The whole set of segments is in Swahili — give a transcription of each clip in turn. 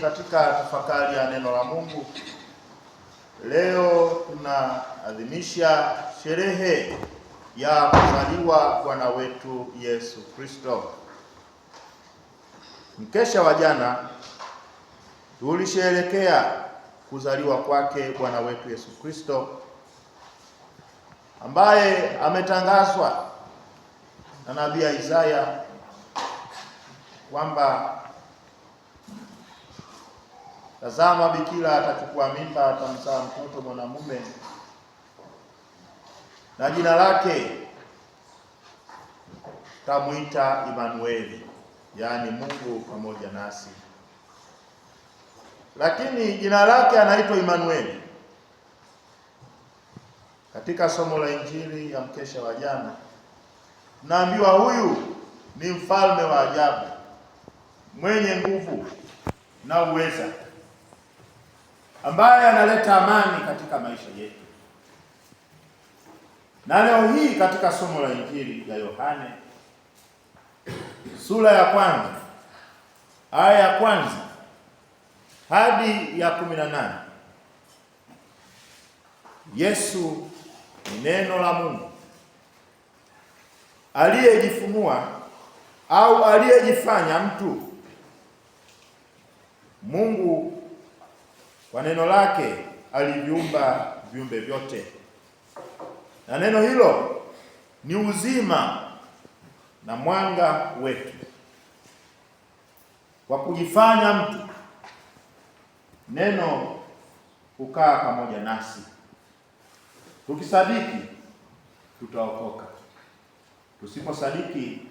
katika tafakari ya neno la Mungu leo tunaadhimisha sherehe ya kuzaliwa Bwana wetu Yesu Kristo. Mkesha wa jana tulisherekea kuzaliwa kwake Bwana wetu Yesu Kristo ambaye ametangazwa na nabii Isaya kwamba Tazama, bikira atachukua mimba, atamzaa mtoto mwanamume, na jina lake tamwita Imanueli, yaani Mungu pamoja nasi. Lakini jina lake anaitwa Imanueli. Katika somo la Injili ya mkesha wa jana, naambiwa huyu ni mfalme wa ajabu mwenye nguvu na uweza ambaye analeta amani katika maisha yetu. Na leo hii katika somo la Injili ya Yohane sura ya kwanza aya ya kwanza hadi ya kumi na nane Yesu ni neno la Mungu aliyejifunua au aliyejifanya mtu. Mungu kwa neno lake aliviumba viumbe vyote, na neno hilo ni uzima na mwanga wetu. Kwa kujifanya mtu, neno hukaa pamoja nasi. Tukisadiki tutaokoka, tusiposadiki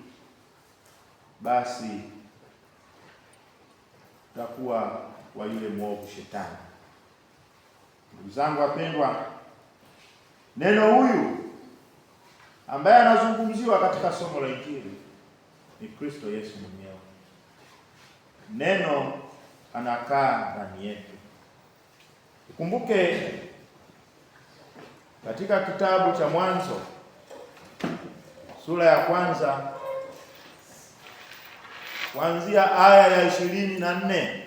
basi tutakuwa wa yule mwovu Shetani. Ndugu zangu wapendwa, neno huyu ambaye anazungumziwa katika somo la Injili ni Kristo Yesu mwenyewe. Neno anakaa ndani yetu. Ukumbuke katika kitabu cha Mwanzo sura ya kwanza kuanzia aya ya ishirini na nne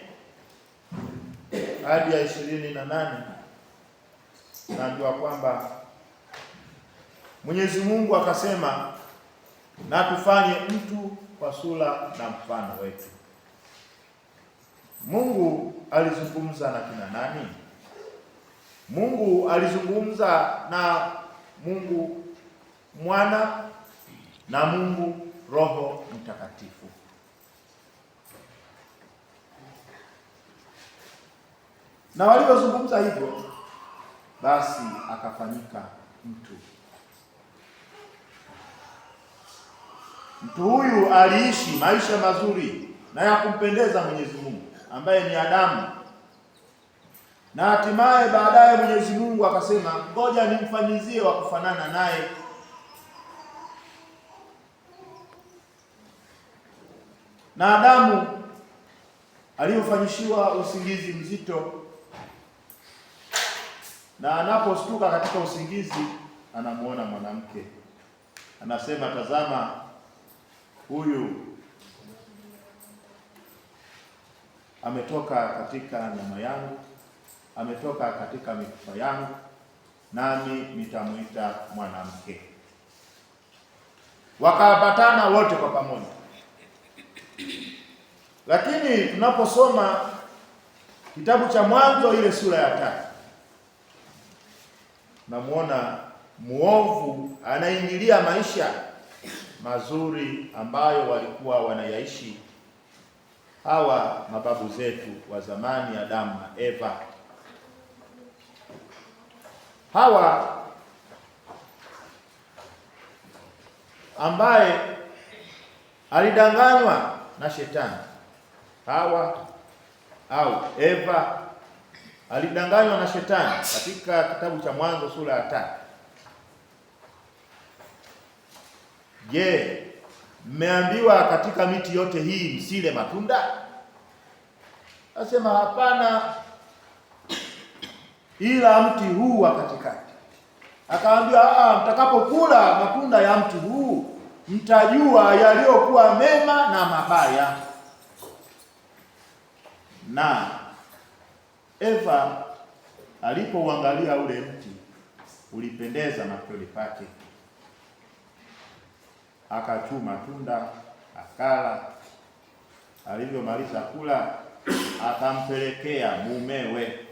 hadi ya ishirini na nane Najua kwamba Mwenyezi Mungu akasema na tufanye mtu kwa sura na mfano wetu. Mungu alizungumza na kina nani? Mungu alizungumza na Mungu Mwana na Mungu Roho Mtakatifu. Na walivyozungumza hivyo basi akafanyika mtu. Mtu huyu aliishi maisha mazuri na ya kumpendeza Mwenyezi Mungu ambaye ni Adamu, na hatimaye baadaye Mwenyezi Mungu akasema, ngoja nimfanyizie wa kufanana naye. Na Adamu aliyofanyishiwa usingizi mzito na anaposhtuka katika usingizi anamuona mwanamke, anasema, tazama huyu ametoka katika nyama yangu, ametoka katika mifupa yangu, nami nitamwita mwanamke. Wakaambatana wote kwa pamoja. Lakini tunaposoma kitabu cha Mwanzo ile sura ya tatu namuona muovu anaingilia maisha mazuri ambayo walikuwa wanayaishi hawa mababu zetu wa zamani, Adamu na Eva. Hawa ambaye alidanganywa na shetani, Hawa au Eva alidanganywa na shetani katika kitabu cha Mwanzo sura ya tatu. Je, mmeambiwa katika miti yote hii msile matunda? Asema hapana, ila mti huu wa katikati. Akaambiwa mtakapokula matunda ya mti huu mtajua yaliyokuwa mema na mabaya na Eva alipouangalia ule mti ulipendeza machoni pake, akachuma tunda akala. Alivyomaliza kula, akampelekea mumewe.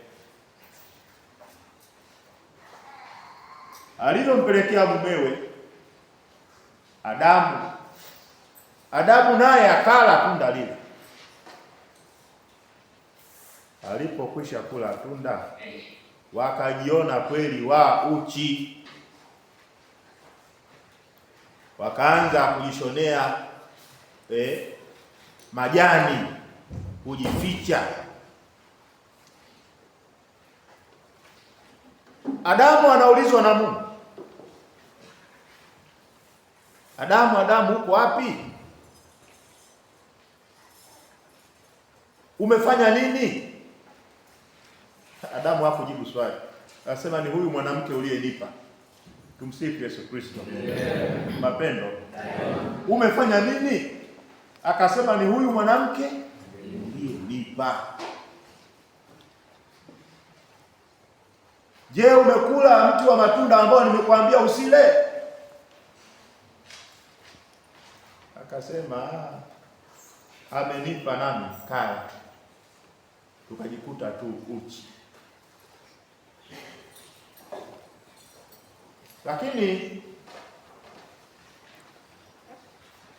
Alivyompelekea mumewe Adamu, Adamu naye akala tunda lile. alipokwisha kula tunda wakajiona kweli wa uchi, wakaanza kujishonea eh, majani kujificha. Adamu anaulizwa na Mungu, Adamu, Adamu, uko wapi? Umefanya nini? Adamu hakujibu swali, anasema ni huyu mwanamke uliyenipa. Tumsifu Yesu Kristo. Yeah. Mapendo, yeah. Umefanya nini? Akasema ni huyu mwanamke uliyenipa. Je, umekula mti wa matunda ambao nimekuambia usile? Akasema ah, amenipa nami kaya, tukajikuta tu uchi Lakini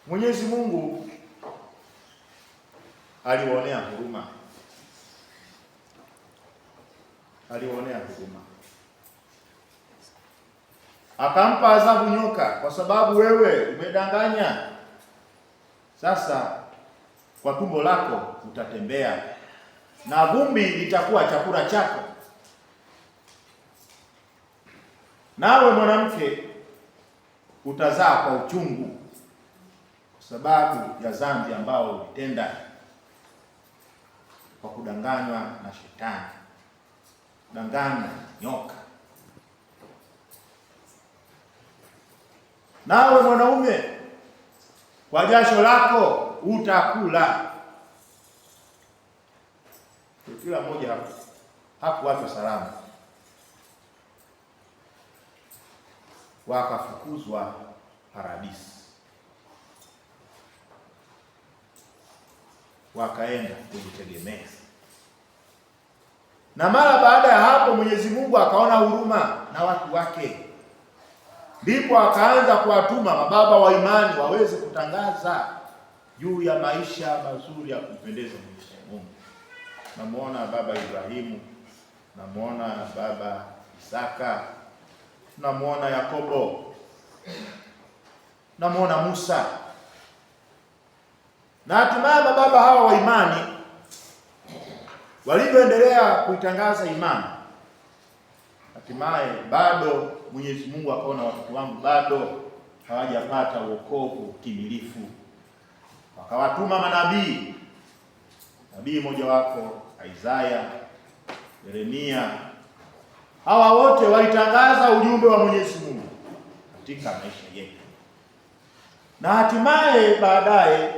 Mwenyezi Mungu aliwaonea huruma, aliwaonea huruma, akampa adhabu nyoka, kwa sababu wewe umedanganya. Sasa kwa tumbo lako utatembea na vumbi litakuwa chakula chako. Nawe mwanamke utazaa kwa uchungu kwa sababu ya dhambi ambao ulitenda kwa kudanganywa na shetani, kudanganywa nyoka. Nawe mwanaume kwa jasho lako utakula. Kila mmoja hapo hakuachwa salama. wakafukuzwa paradisi, wakaenda kujitegemeza. Na mara baada ya hapo Mwenyezi Mungu akaona huruma na watu wake, ndipo akaanza kuwatuma mababa wa imani waweze kutangaza juu ya maisha mazuri ya kumpendeza Mwenyezi Mungu. Namuona baba Ibrahimu, namuona baba Isaka tunamwona Yakobo, tunamwona Musa na hatimaye mababa hawa wa imani walivyoendelea kuitangaza imani, hatimaye bado Mwenyezi Mungu akaona watoto wangu bado hawajapata wokovu timilifu, wakawatuma manabii, nabii mmoja wako Isaya, Yeremia hawa wote walitangaza ujumbe wa Mwenyezi Mungu katika maisha yetu, na hatimaye baadaye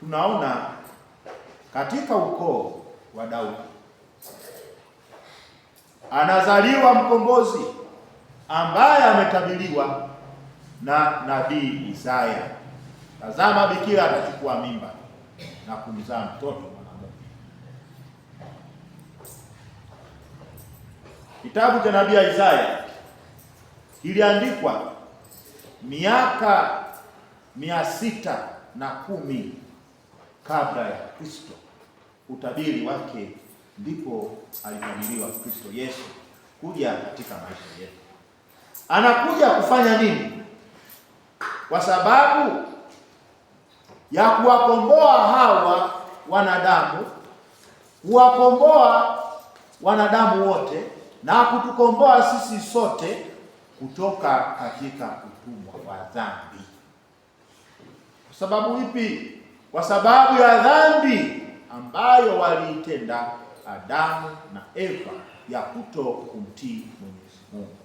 tunaona katika ukoo wa Daudi anazaliwa mkombozi ambaye ametabiriwa na nabii Isaya. Tazama, bikira atachukua mimba na kumzaa mtoto Kitabu cha nabii Isaya kiliandikwa miaka mia sita na kumi kabla ya Kristo. Utabiri wake ndipo alitabiriwa Kristo Yesu kuja katika maisha yetu. Anakuja kufanya nini? Kwa sababu ya kuwakomboa hawa wanadamu, kuwakomboa wanadamu wote na kutukomboa sisi sote kutoka katika utumwa wa dhambi. Kwa sababu ipi? Kwa sababu ya dhambi ambayo waliitenda Adamu na Eva ya kuto kumtii Mwenyezi Mungu.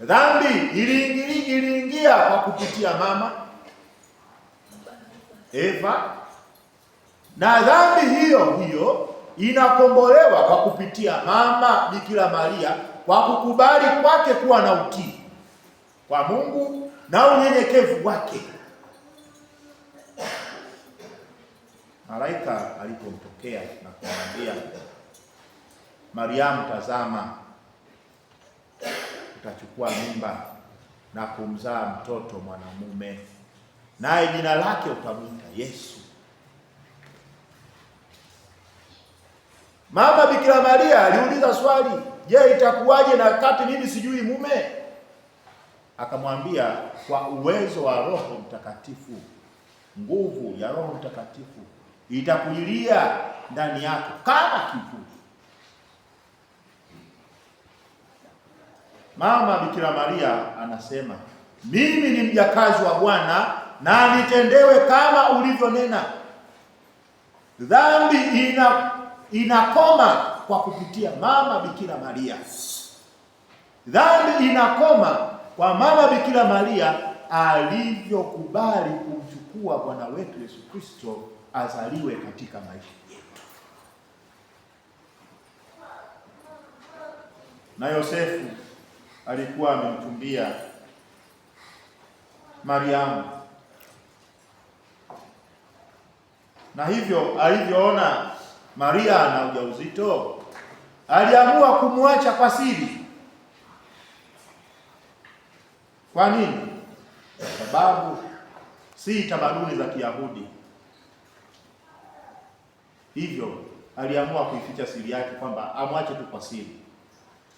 Dhambi iliingia kwa kupitia mama Eva, na dhambi hiyo hiyo inakombolewa kwa kupitia mama Bikira Maria kwa kukubali kwake kuwa na utii kwa Mungu na unyenyekevu wake. Malaika alipomtokea na kumwambia Mariamu, tazama, utachukua mimba na kumzaa mtoto mwanamume naye jina lake utamwita Yesu. Mama Bikira Maria aliuliza swali, je, itakuwaje na wakati mimi sijui mume? Akamwambia, kwa uwezo wa Roho Mtakatifu, nguvu ya Roho Mtakatifu itakujilia ndani yako kama kivuli. Mama Bikira Maria anasema, mimi ni mjakazi wa Bwana na nitendewe kama ulivyonena. Dhambi ina inakoma kwa kupitia mama Bikira Maria. Dhambi inakoma kwa mama Bikira Maria alivyokubali kumchukua Bwana wetu Yesu Kristo azaliwe katika maisha yetu. Na Yosefu alikuwa amemchumbia Mariamu na hivyo alivyoona Maria ana ujauzito, aliamua kumwacha kwa siri. Kwa nini? Kwa sababu si tamaduni za Kiyahudi, hivyo aliamua kuificha siri yake kwamba amwache tu kwa siri.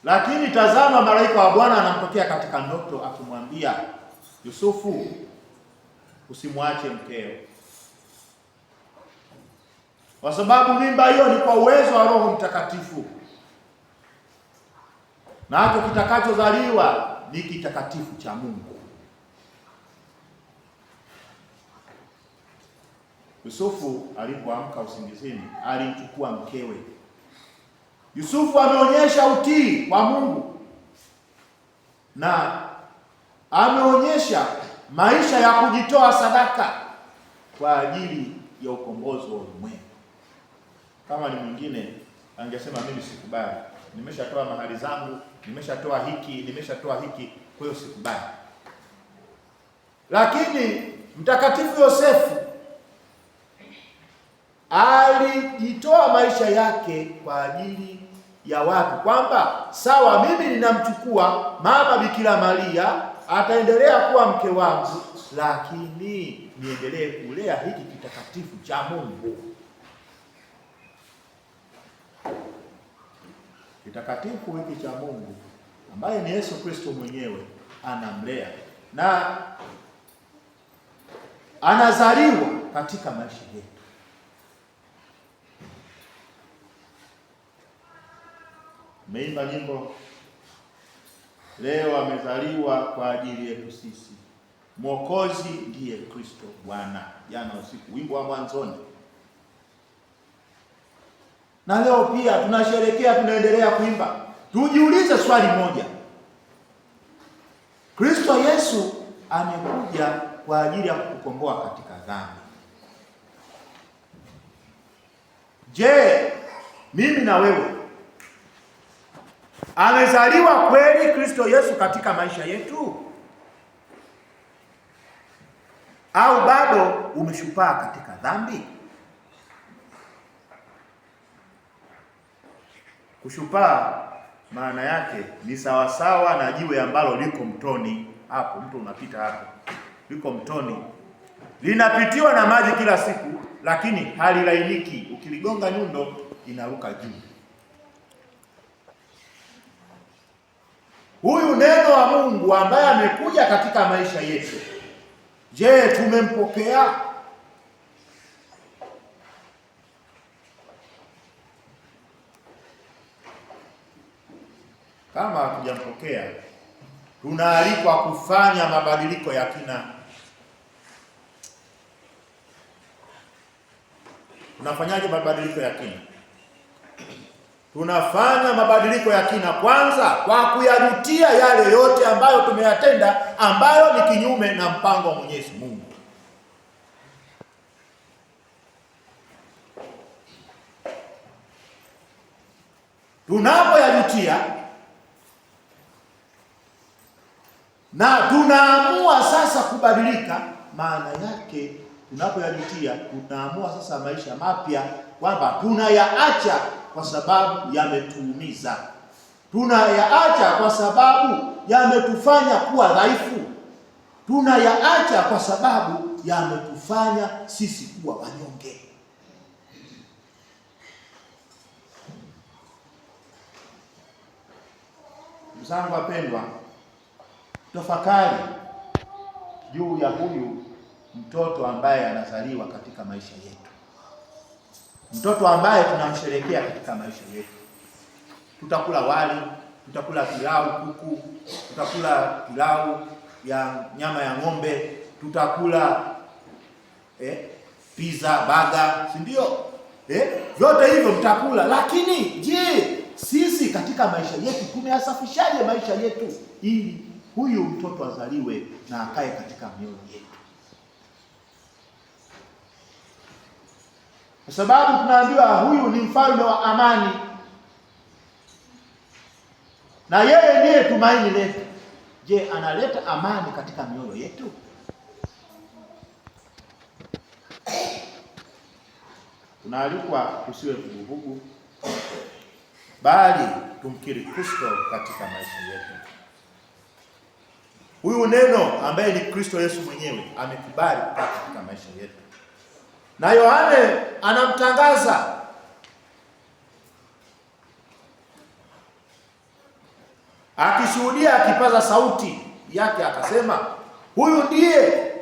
Lakini tazama, malaika wa Bwana anamtokea katika ndoto akimwambia Yusufu, usimwache mkeo kwa sababu mimba hiyo ni kwa uwezo wa Roho Mtakatifu, nacho kitakachozaliwa ni kitakatifu cha Mungu. Yusufu alipoamka usingizini, alimchukua mkewe. Yusufu ameonyesha utii kwa Mungu na ameonyesha maisha ya kujitoa sadaka kwa ajili ya ukombozi wa ulimwengu. Kama ni mwingine angesema mimi sikubali, nimeshatoa mahali zangu, nimeshatoa hiki, nimeshatoa hiki, kwa hiyo sikubali. Lakini mtakatifu Yosefu alijitoa maisha yake kwa ajili ya watu, kwamba sawa, mimi ninamchukua mama Bikira Maria ataendelea kuwa mke wangu, lakini niendelee kulea hiki kitakatifu cha Mungu. mtakatifu hiki cha Mungu ambaye ni Yesu Kristo mwenyewe anamlea na anazaliwa katika maisha yetu. Meimba nyimbo leo, amezaliwa kwa ajili yetu sisi. Mwokozi ndiye Kristo Bwana, jana usiku, wimbo wa mwanzoni na leo pia tunasherekea, tunaendelea kuimba. Tujiulize swali moja, Kristo Yesu amekuja kwa ajili ya kukukomboa katika dhambi. Je, mimi na wewe, amezaliwa kweli Kristo Yesu katika maisha yetu au bado umeshupaa katika dhambi? Ushupaa maana yake ni sawasawa na jiwe ambalo liko mtoni. Hapo mtu unapita hapo, liko mtoni, linapitiwa na maji kila siku, lakini halilainiki. Ukiligonga nyundo inaruka juu. Huyu neno wa Mungu ambaye amekuja katika maisha yetu, je, tumempokea? kama hatujampokea, tunaalikwa kufanya mabadiliko ya kina. Tunafanyaje mabadiliko ya kina? Tunafanya mabadiliko ya kina kwanza kwa kuyarutia yale yote ambayo tumeyatenda ambayo ni kinyume na mpango wa Mwenyezi Mungu. Tunapoyarutia na tunaamua sasa kubadilika, maana yake tunapoyajutia, tunaamua sasa maisha mapya, kwamba tunayaacha kwa sababu yametuumiza, tunayaacha kwa sababu yametufanya kuwa dhaifu, tunayaacha kwa sababu yametufanya sisi kuwa wanyonge. Mzangu wapendwa tafakari juu ya huyu mtoto ambaye anazaliwa katika maisha yetu, mtoto ambaye tunamsherekea katika maisha yetu. Tutakula wali, tutakula pilau kuku, tutakula pilau ya nyama ya ng'ombe, tutakula eh, pizza baga, si ndio? Eh, vyote hivyo mtakula, lakini je, sisi katika maisha yetu tumeyasafishaje maisha yetu ili huyu mtoto azaliwe na akae katika mioyo yetu, kwa sababu tunaambiwa huyu ni mfalme wa amani, na yeye ndiye tumaini letu. Je, analeta amani katika mioyo yetu? Tunaalikwa tusiwe vuguvugu, bali tumkiri Kristo katika maisha yetu. Huyu neno ambaye ni Kristo Yesu mwenyewe amekubali katika maisha yetu, na Yohane anamtangaza akishuhudia, akipaza sauti yake akasema, huyu ndiye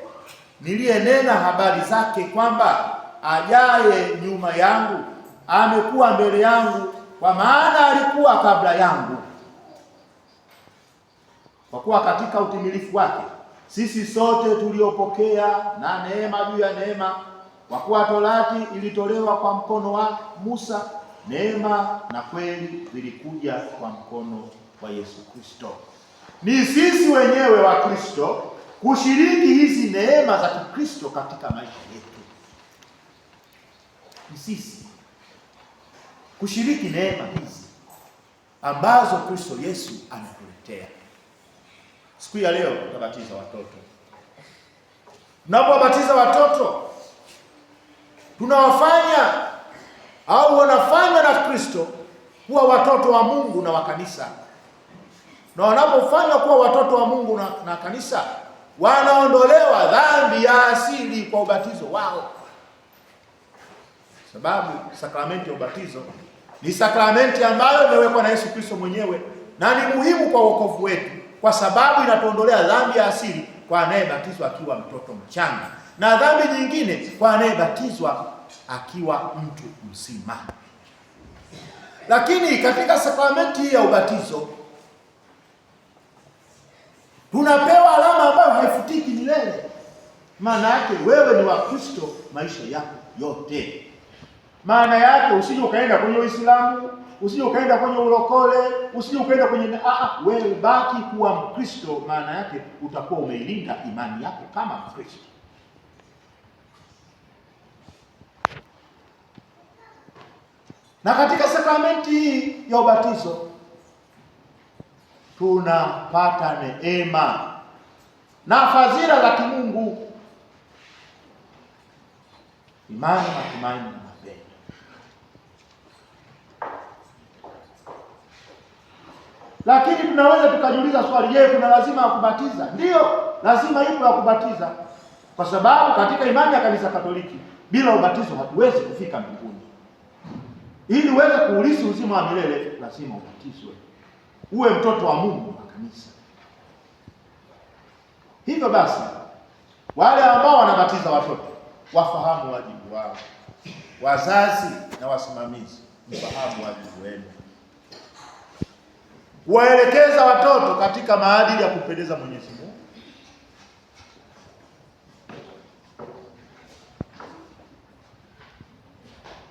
niliyenena habari zake kwamba ajaye nyuma yangu amekuwa mbele yangu, kwa maana alikuwa kabla yangu kwa kuwa katika utimilifu wake sisi sote tuliopokea na neema juu ya neema, kwa kuwa torati ilitolewa kwa mkono wa Musa, neema na kweli vilikuja kwa mkono wa Yesu Kristo. Ni sisi wenyewe wa Kristo kushiriki hizi neema za Kikristo katika maisha yetu, ni sisi kushiriki neema hizi ambazo Kristo Yesu anatuletea. Siku ya leo tutabatiza watoto. Tunapowabatiza watoto tunawafanya au wanafanywa na Kristo kuwa watoto wa Mungu na wa kanisa, na wanapofanywa kuwa watoto wa Mungu na, na kanisa wanaondolewa dhambi ya asili kwa ubatizo wao, sababu sakramenti ya ubatizo ni sakramenti ambayo imewekwa na Yesu Kristo mwenyewe na ni muhimu kwa wokovu wetu kwa sababu inatuondolea dhambi ya asili kwa anayebatizwa akiwa mtoto mchanga na dhambi nyingine kwa anayebatizwa akiwa mtu mzima. Lakini katika sakramenti ya ubatizo tunapewa alama ambayo haifutiki milele. Maana yake wewe ni wa Kristo maisha yako yote. Maana yake usije ukaenda kwenye Uislamu usije ukaenda kwenye ulokole, usije ukaenda kwenye ah, ah, wewe ubaki kuwa Mkristo. Maana yake utakuwa umeilinda imani yako kama Mkristo. Na katika sakramenti hii ya ubatizo tunapata neema na fadhila za kimungu, imani, matumaini Lakini tunaweza tukajiuliza swali, je, kuna lazima ya kubatiza? Ndiyo, lazima ipo ya kubatiza, kwa sababu katika imani ya kanisa Katoliki bila ubatizo hatuwezi kufika mbinguni. Ili uweze kuulisi uzima wa milele lazima ubatizwe, uwe mtoto wa Mungu wa kanisa. Hivyo basi, wale ambao wanabatiza watoto wafahamu wajibu wao, wazazi na wasimamizi, mfahamu wajibu wenu kuwaelekeza watoto katika maadili ya kumpendeza Mwenyezi Mungu.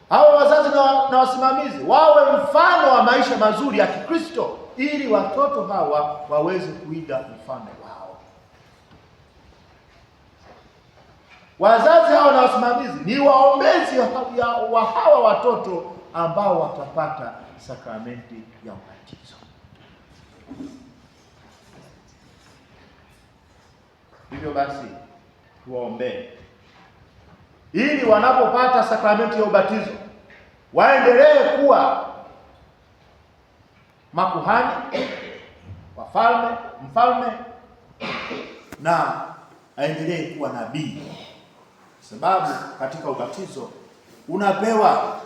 Hawa wazazi na, na wasimamizi wawe mfano wa maisha mazuri ya Kikristo ili watoto hawa waweze kuiga mfano wao. Wazazi hawa na wasimamizi ni waombezi wa hawa watoto ambao watapata sakramenti ya ubatizo. Hivyo basi tuwaombee ili wanapopata sakramenti ya ubatizo waendelee kuwa makuhani wafalme, mfalme na aendelee kuwa nabii, kwa sababu katika ubatizo unapewa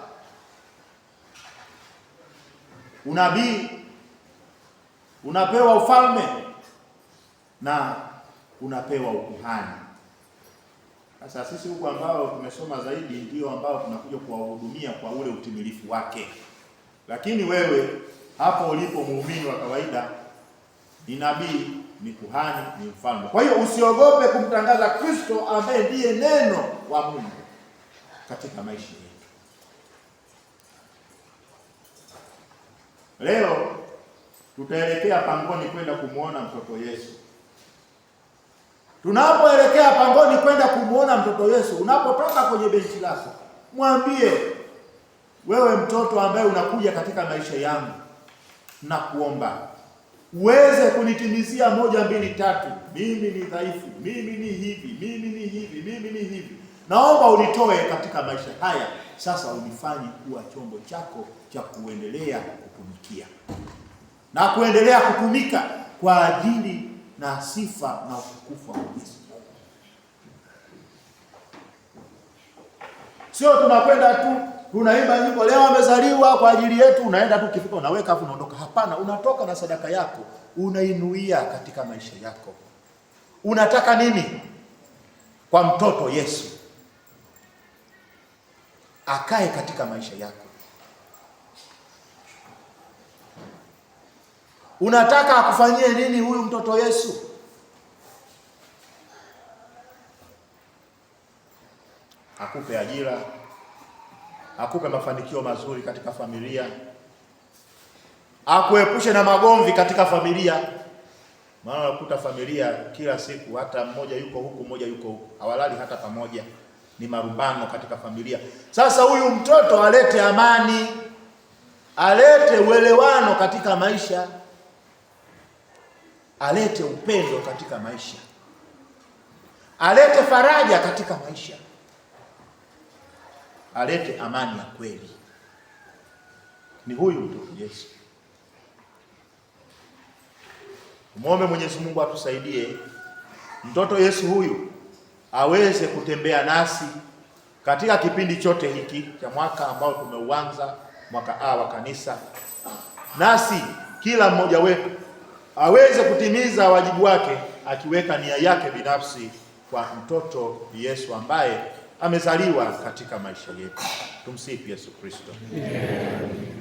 unabii unapewa ufalme na unapewa ukuhani. Sasa sisi huku ambao tumesoma zaidi ndio ambao tunakuja kuwahudumia kwa ule utimilifu wake, lakini wewe hapo ulipo muumini wa kawaida ni nabii, ni kuhani, ni mfalme. Kwa hiyo usiogope kumtangaza Kristo ambaye ndiye neno wa Mungu katika maisha yetu leo tutaelekea pangoni kwenda kumwona mtoto Yesu. Tunapoelekea pangoni kwenda kumwona mtoto Yesu, unapotoka kwenye benchi lako, mwambie wewe mtoto ambaye unakuja katika maisha yangu, nakuomba uweze kunitimizia moja, mbili, tatu. Mimi ni dhaifu, mimi ni hivi, mimi ni hivi, mimi ni hivi. Naomba unitoe katika maisha haya, sasa unifanye kuwa chombo chako cha kuendelea kutumikia na kuendelea kutumika kwa ajili na sifa na utukufu wa Kristo. Sio tunakwenda tu tunaimba nyimbo, leo amezaliwa kwa ajili yetu, unaenda tu ukifika unaweka afu unaondoka. Hapana, unatoka na sadaka yako, unainuia katika maisha yako. Unataka nini kwa mtoto Yesu? Akae katika maisha yako. Unataka akufanyie nini huyu mtoto Yesu? Akupe ajira, akupe mafanikio mazuri katika familia, akuepushe na magomvi katika familia. Maana unakuta familia kila siku, hata mmoja yuko huku, mmoja yuko huku, hawalali hata pamoja, ni marumbano katika familia. Sasa huyu mtoto alete amani, alete uelewano katika maisha alete upendo katika maisha, alete faraja katika maisha, alete amani ya kweli. Ni huyu mtoto Yesu. Muombe Mwenyezi Mungu atusaidie mtoto Yesu huyu aweze kutembea nasi katika kipindi chote hiki cha mwaka ambao tumeuanza mwaka A wa kanisa, nasi kila mmoja wetu aweze kutimiza wajibu wake akiweka nia yake binafsi kwa mtoto Yesu ambaye amezaliwa katika maisha yetu. Tumsifu Yesu Kristo.